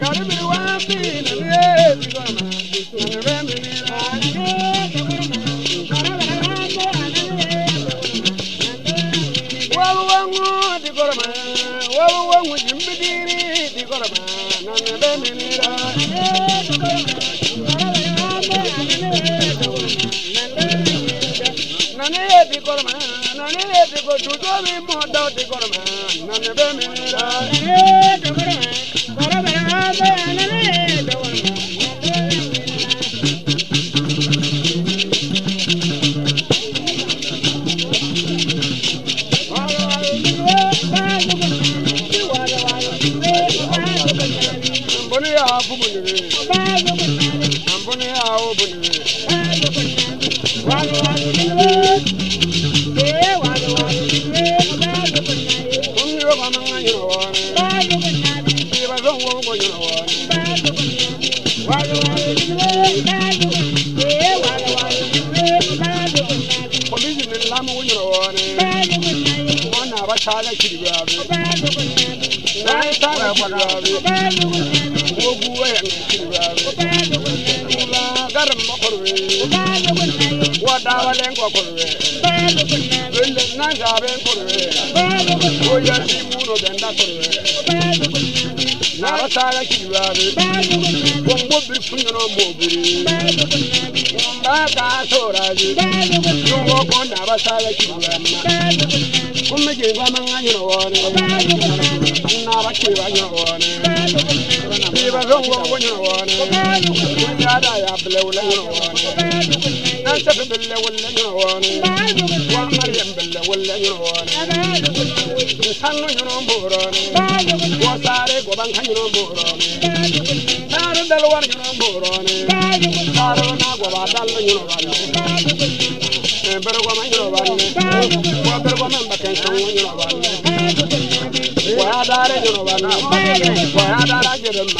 Garibu wa fi na wawa wujin bidiri di gorba na na da nira na ne di gorba na ne di go du do mi mo do di gorba na na da nira e do gorba gorba Amboni ya habu munire. Amboni ya habu munire. Walu walu munire. Eh walu walu munire. Kumi wa mama nganyiro wane. Iba zongo ngo nyiro wane. Walu walu munire. Eh walu walu munire. Kumi jini lamu nganyiro wane. Mwana abachala kiri babe. Naitara kiri babe. garam makorwe wadawalen kokorwe wille nangaben korwe oyasi zan wa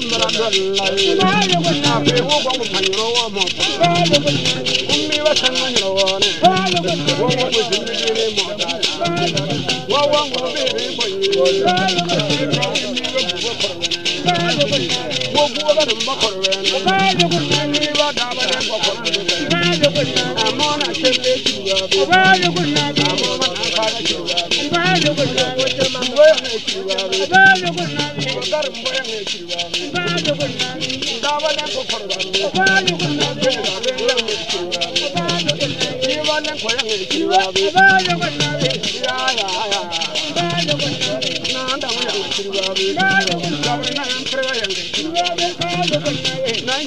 I'm naafe wo gbɔŋ pa nyɔrɔ wɔ mɔ kumbi ba san ma nyɔrɔ wɔɔne wo wo ko Ogar mbaya meki wami. Mbaya kwenye. Ndabale kukoro wami. Mbaya kwenye. Mbaya meki wami. Mbaya kwenye. Ndibale kwaya meki wami. Ya ya ya. Mbaya kwenye. Nanda waya meki wami. Mbaya kwenye. Ndabale na yankrewa yankrewa. I'm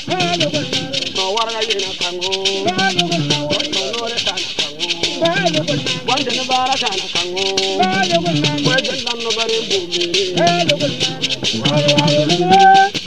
wanda na bara ta na kango wajen nan na bare gobe